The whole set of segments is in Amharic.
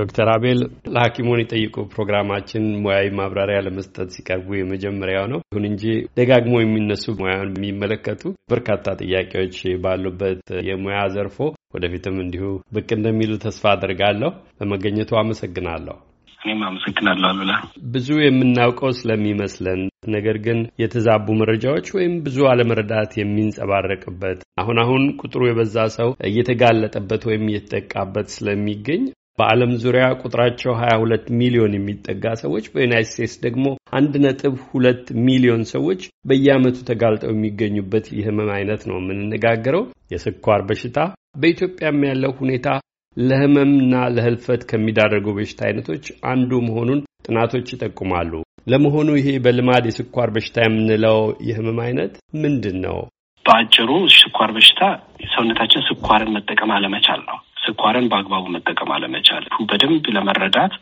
ዶክተር አቤል ለሐኪሙን የጠይቁ ፕሮግራማችን ሙያዊ ማብራሪያ ለመስጠት ሲቀርቡ የመጀመሪያው ነው። ይሁን እንጂ ደጋግሞ የሚነሱ ሙያን የሚመለከቱ በርካታ ጥያቄዎች ባሉበት የሙያ ዘርፎ ወደፊትም እንዲሁ ብቅ እንደሚሉ ተስፋ አድርጋለሁ። በመገኘቱ አመሰግናለሁ። እኔም አመሰግናለሁ አሉላ። ብዙ የምናውቀው ስለሚመስለን ነገር ግን የተዛቡ መረጃዎች ወይም ብዙ አለመረዳት የሚንጸባረቅበት አሁን አሁን ቁጥሩ የበዛ ሰው እየተጋለጠበት ወይም እየተጠቃበት ስለሚገኝ በዓለም ዙሪያ ቁጥራቸው 22 ሚሊዮን የሚጠጋ ሰዎች በዩናይት ስቴትስ ደግሞ 1.2 ሚሊዮን ሰዎች በየዓመቱ ተጋልጠው የሚገኙበት የህመም አይነት ነው የምንነጋገረው። የስኳር በሽታ በኢትዮጵያም ያለው ሁኔታ ለህመምና ለህልፈት ከሚዳረጉ በሽታ አይነቶች አንዱ መሆኑን ጥናቶች ይጠቁማሉ። ለመሆኑ ይሄ በልማድ የስኳር በሽታ የምንለው የህመም አይነት ምንድን ነው? በአጭሩ ስኳር በሽታ ሰውነታችን ስኳርን መጠቀም አለመቻል ነው። ስኳርን በአግባቡ መጠቀም አለመቻል በደንብ ለመረዳት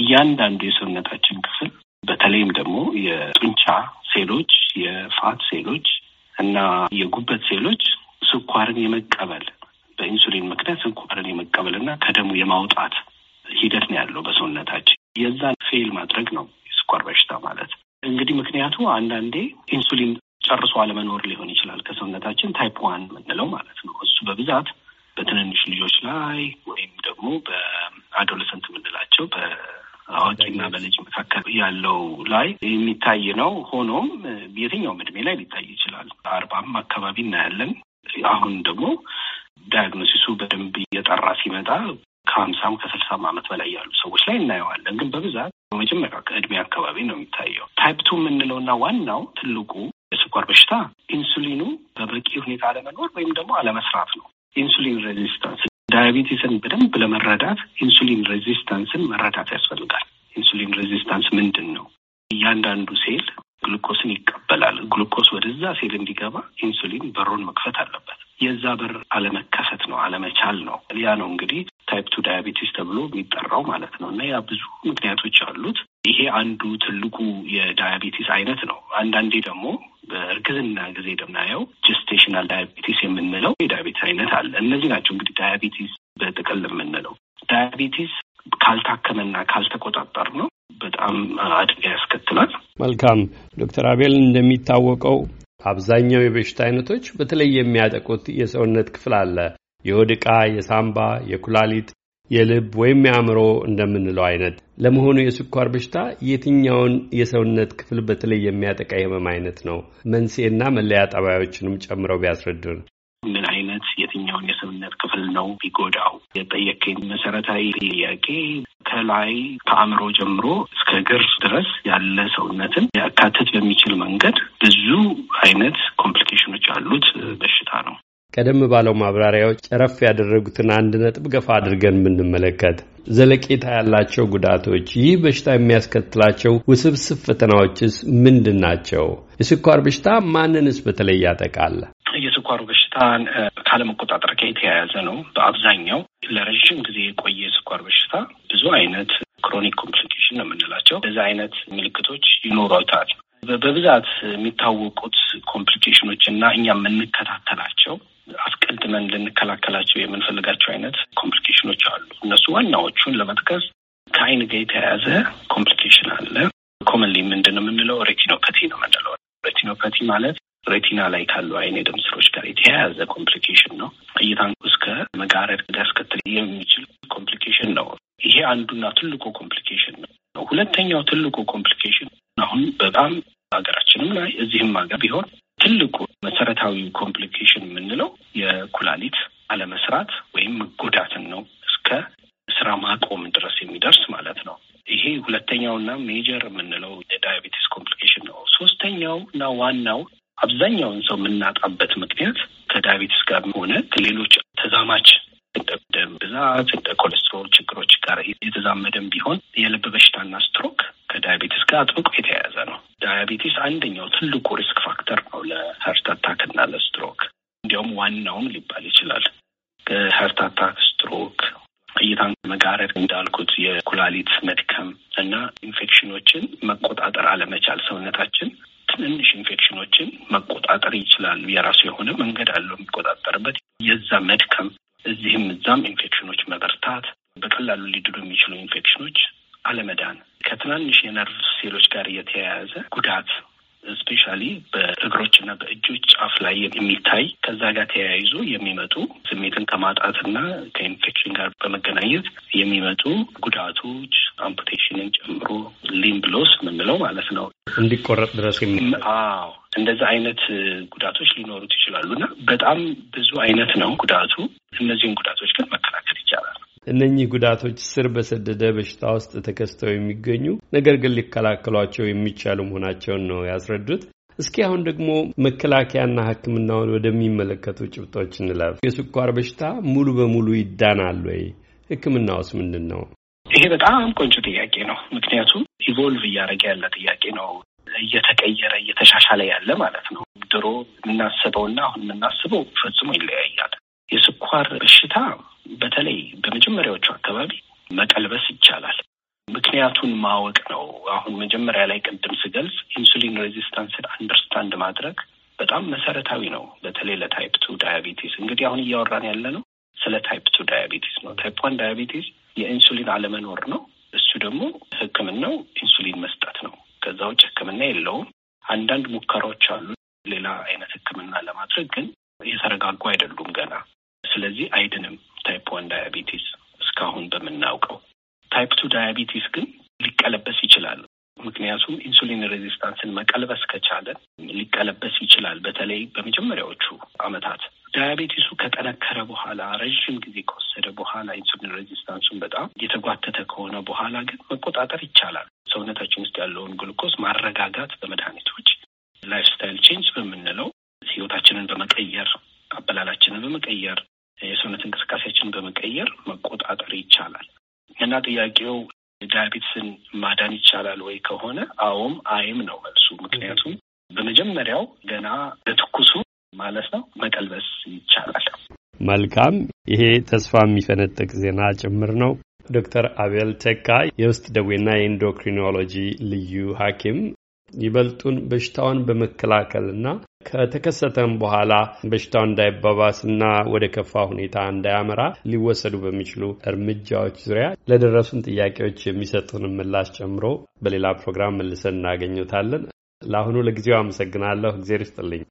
እያንዳንዱ የሰውነታችን ክፍል በተለይም ደግሞ የጡንቻ ሴሎች፣ የፋት ሴሎች እና የጉበት ሴሎች ስኳርን የመቀበል በኢንሱሊን ምክንያት ስኳርን የመቀበል እና ከደሙ የማውጣት ሂደት ነው ያለው በሰውነታችን። የዛን ፌል ማድረግ ነው የስኳር በሽታ ማለት። እንግዲህ ምክንያቱ አንዳንዴ ኢንሱሊን ጨርሶ አለመኖር ሊሆን ይችላል። ከሰውነታችን ታይፕ ዋን የምንለው ማለት ነው። እሱ በብዛት በትንንሽ ልጆች ላይ ወይም ደግሞ በአዶለሰንት የምንላቸው በአዋቂና በልጅ መካከል ያለው ላይ የሚታይ ነው። ሆኖም የትኛውም እድሜ ላይ ሊታይ ይችላል። አርባም አካባቢ እናያለን። አሁን ደግሞ ዳያግኖሲሱ በደንብ እየጠራ ሲመጣ ከሀምሳም ከስልሳም ዓመት በላይ ያሉ ሰዎች ላይ እናየዋለን። ግን በብዛት በመጀመሪያ ከእድሜ አካባቢ ነው የሚታየው። ታይፕ ቱ የምንለውና ዋናው ትልቁ የስኳር በሽታ ኢንሱሊኑ በበቂ ሁኔታ አለመኖር ወይም ደግሞ አለመስራት ነው። ኢንሱሊን ሬዚስታንስ ዳያቤቲስን በደንብ ለመረዳት ኢንሱሊን ሬዚስታንስን መረዳት ያስፈልጋል። ኢንሱሊን ሬዚስታንስ ምንድን ነው? እያንዳንዱ ሴል ግሉኮስን ይቀበላል። ግሉኮስ ወደዛ ሴል እንዲገባ ኢንሱሊን በሩን መክፈት አለበት። የዛ በር አለመከፈት ነው፣ አለመቻል ነው። ያ ነው እንግዲህ ታይፕ ቱ ዳያቤቲስ ተብሎ የሚጠራው ማለት ነው። እና ያ ብዙ ምክንያቶች አሉት። ይሄ አንዱ ትልቁ የዳያቤቲስ አይነት ነው። አንዳንዴ ደግሞ በእርግዝና ጊዜ የምናየው ጀስቴሽናል ዳያቤቲስ የምንለው የዳያቤቲስ አይነት አለ። እነዚህ ናቸው እንግዲህ ዳያቤቲስ በጥቅል የምንለው። ዳያቤቲስ ካልታከመና ካልተቆጣጠር ነው በጣም አደጋ ያስከትላል። መልካም ዶክተር አቤል እንደሚታወቀው አብዛኛው የበሽታ አይነቶች በተለይ የሚያጠቁት የሰውነት ክፍል አለ። የሆድ ዕቃ፣ የሳምባ፣ የኩላሊት፣ የልብ ወይም የአእምሮ እንደምንለው አይነት። ለመሆኑ የስኳር በሽታ የትኛውን የሰውነት ክፍል በተለይ የሚያጠቃ የህመም አይነት ነው? መንስኤና መለያ ጠባዮችንም ጨምረው ቢያስረዱን። ምን አይነት የትኛውን የሰውነት ክፍል ነው ቢጎዳው? የጠየቀኝ መሰረታዊ ጥያቄ ከላይ ከአእምሮ ጀምሮ እስከ እግር ድረስ ያለ ሰውነትን ሊያካትት በሚችል መንገድ ብዙ አይነት ቀደም ባለው ማብራሪያዎች ጨረፍ ያደረጉትን አንድ ነጥብ ገፋ አድርገን ብንመለከት ዘለቄታ ያላቸው ጉዳቶች፣ ይህ በሽታ የሚያስከትላቸው ውስብስብ ፈተናዎችስ ምንድን ናቸው? የስኳር በሽታ ማንንስ በተለይ ያጠቃል? የስኳሩ በሽታን ካለመቆጣጠር ጋር የተያያዘ ነው። በአብዛኛው ለረዥም ጊዜ የቆየ የስኳር በሽታ ብዙ አይነት ክሮኒክ ኮምፕሊኬሽን ነው የምንላቸው እዚ አይነት ምልክቶች ይኖሯታል። በብዛት የሚታወቁት ኮምፕሊኬሽኖች እና እኛ የምንከታተላቸው ደጋግመን ልንከላከላቸው የምንፈልጋቸው አይነት ኮምፕሊኬሽኖች አሉ። እነሱ ዋናዎቹን ለመጥቀስ ከአይን ጋር የተያያዘ ኮምፕሊኬሽን አለ። ኮመንሊ ምንድን ነው የምንለው ሬቲኖፓቲ ነው የምንለው። ሬቲኖፓቲ ማለት ሬቲና ላይ ካሉ አይን የደም ስሮች ጋር የተያያዘ ኮምፕሊኬሽን ነው። እይታን እስከ መጋረድ ሊያስከትል የሚችል ኮምፕሊኬሽን ነው። ይሄ አንዱና ትልቁ ኮምፕሊኬሽን ነው። ሁለተኛው ትልቁ ኮምፕሊኬሽን አሁን በጣም ሀገራችንም ላይ እዚህም ሀገር ቢሆን ትልቁ መሰረታዊ ኮምፕሊኬሽን የምንለው የኩላሊት አለመስራት ወይም መጎዳትን ነው። እስከ ስራ ማቆም ድረስ የሚደርስ ማለት ነው። ይሄ ሁለተኛውና ሜጀር የምንለው የዳያቤቲስ ኮምፕሊኬሽን ነው። ሶስተኛው እና ዋናው አብዛኛውን ሰው የምናጣበት ምክንያት ከዳያቤቲስ ጋር ሆነ ከሌሎች ተዛማች እንደ ደም ብዛት እንደ ኮሌስትሮል ችግሮች ጋር የተዛመደም ቢሆን የልብ በሽታና ስትሮክ ከዳያቤቲስ ጋር አጥብቆ የተያያዘ ነው። ዳያቤቲስ አንደኛው ትልቁ ሪስክ መድከም እና ኢንፌክሽኖችን መቆጣጠር አለመቻል ሰውነታችን ትንንሽ ኢንፌክሽኖችን መቆጣጠር ይችላሉ። የራሱ የሆነ መንገድ አለው የሚቆጣጠርበት። የዛ መድከም እዚህም እዛም ኢንፌክሽኖች መበርታት፣ በቀላሉ ሊድሉ የሚችሉ ኢንፌክሽኖች አለመዳን፣ ከትናንሽ የነርቭ ሴሎች ጋር የተያያዘ ጉዳት ስፔሻሊ በእግሮችና በእጆች ጫፍ ላይ የሚታይ ከዛ ጋር ተያይዞ የሚመጡ ስሜትን ከማጣትና ከኢንፌክሽን ጋር በመገናኘት የሚመጡ ጉዳቶች አምፑቴሽንን ጨምሮ ሊምብ ሎስ የምንለው ማለት ነው። እንዲቆረጥ ድረስ አዎ፣ እንደዚህ አይነት ጉዳቶች ሊኖሩት ይችላሉ እና በጣም ብዙ አይነት ነው ጉዳቱ። እነዚህን ጉዳቶች ግን መከላከል ይቻላል። እነኚህ ጉዳቶች ስር በሰደደ በሽታ ውስጥ ተከስተው የሚገኙ ነገር ግን ሊከላከሏቸው የሚቻሉ መሆናቸውን ነው ያስረዱት። እስኪ አሁን ደግሞ መከላከያና ሕክምናውን ወደሚመለከቱ ጭብጦች እንለፍ። የስኳር በሽታ ሙሉ በሙሉ ይዳናል ወይ? ሕክምናውስ ምንድን ነው? ይሄ በጣም ቆንጆ ጥያቄ ነው። ምክንያቱም ኢቮልቭ እያደረገ ያለ ጥያቄ ነው። እየተቀየረ እየተሻሻለ ያለ ማለት ነው። ድሮ የምናስበውና አሁን የምናስበው ፈጽሞ ይለያያል። የስኳር በሽታ በተለይ በመጀመሪያዎቹ አካባቢ መቀልበስ ይቻላል። ምክንያቱን ማወቅ ነው። አሁን መጀመሪያ ላይ ቅድም ስገልጽ ኢንሱሊን ሬዚስታንስን አንደርስታንድ ማድረግ በጣም መሰረታዊ ነው። በተለይ ለታይፕ ቱ ዳያቤቲስ እንግዲህ አሁን እያወራን ያለ ነው ስለ ታይፕ ቱ ዳያቤቲስ ነው። ታይፕ ዋን ዳያቤቲስ የኢንሱሊን አለመኖር ነው። እሱ ደግሞ ሕክምናው ኢንሱሊን መስጠት ነው። ከዛ ውጭ ሕክምና የለውም። አንዳንድ ሙከራዎች አሉ ሌላ አይነት ሕክምና ለማድረግ ግን የተረጋጉ አይደሉም ገና ስለዚህ አይድንም ታይፕ ዋን ዳያቢቲስ እስካሁን በምናውቀው። ታይፕ ቱ ዳያቢቲስ ግን ሊቀለበስ ይችላል። ምክንያቱም ኢንሱሊን ሬዚስታንስን መቀልበስ ከቻለ ሊቀለበስ ይችላል። በተለይ በመጀመሪያዎቹ አመታት ዳያቤቲሱ ከጠነከረ በኋላ ረዥም ጊዜ ከወሰደ በኋላ ኢንሱሊን ሬዚስታንሱን በጣም እየተጓተተ ከሆነ በኋላ ግን መቆጣጠር ይቻላል። ሰውነታችን ውስጥ ያለውን ግልኮስ ማረጋጋት በመድኃኒቶች ላይፍ ስታይል ቼንጅ በምንለው ህይወታችንን በመቀየር አበላላችንን በመቀየር የሰውነት እንቅስቃሴያችንን በመቀየር መቆጣጠር ይቻላል እና ጥያቄው ዳያቤትስን ማዳን ይቻላል ወይ ከሆነ አዎም አይም ነው መልሱ። ምክንያቱም በመጀመሪያው ገና በትኩሱ ማለት ነው መቀልበስ ይቻላል። መልካም፣ ይሄ ተስፋ የሚፈነጥቅ ዜና ጭምር ነው። ዶክተር አቤል ተካ የውስጥ ደዌና የኢንዶክሪኖሎጂ ልዩ ሐኪም ይበልጡን በሽታውን በመከላከልና ከተከሰተም በኋላ በሽታው እንዳይባባስና ወደ ከፋ ሁኔታ እንዳያመራ ሊወሰዱ በሚችሉ እርምጃዎች ዙሪያ ለደረሱን ጥያቄዎች የሚሰጡን ምላሽ ጨምሮ በሌላ ፕሮግራም መልሰን እናገኘታለን። ለአሁኑ ለጊዜው አመሰግናለሁ። እግዜር ይስጥልኝ።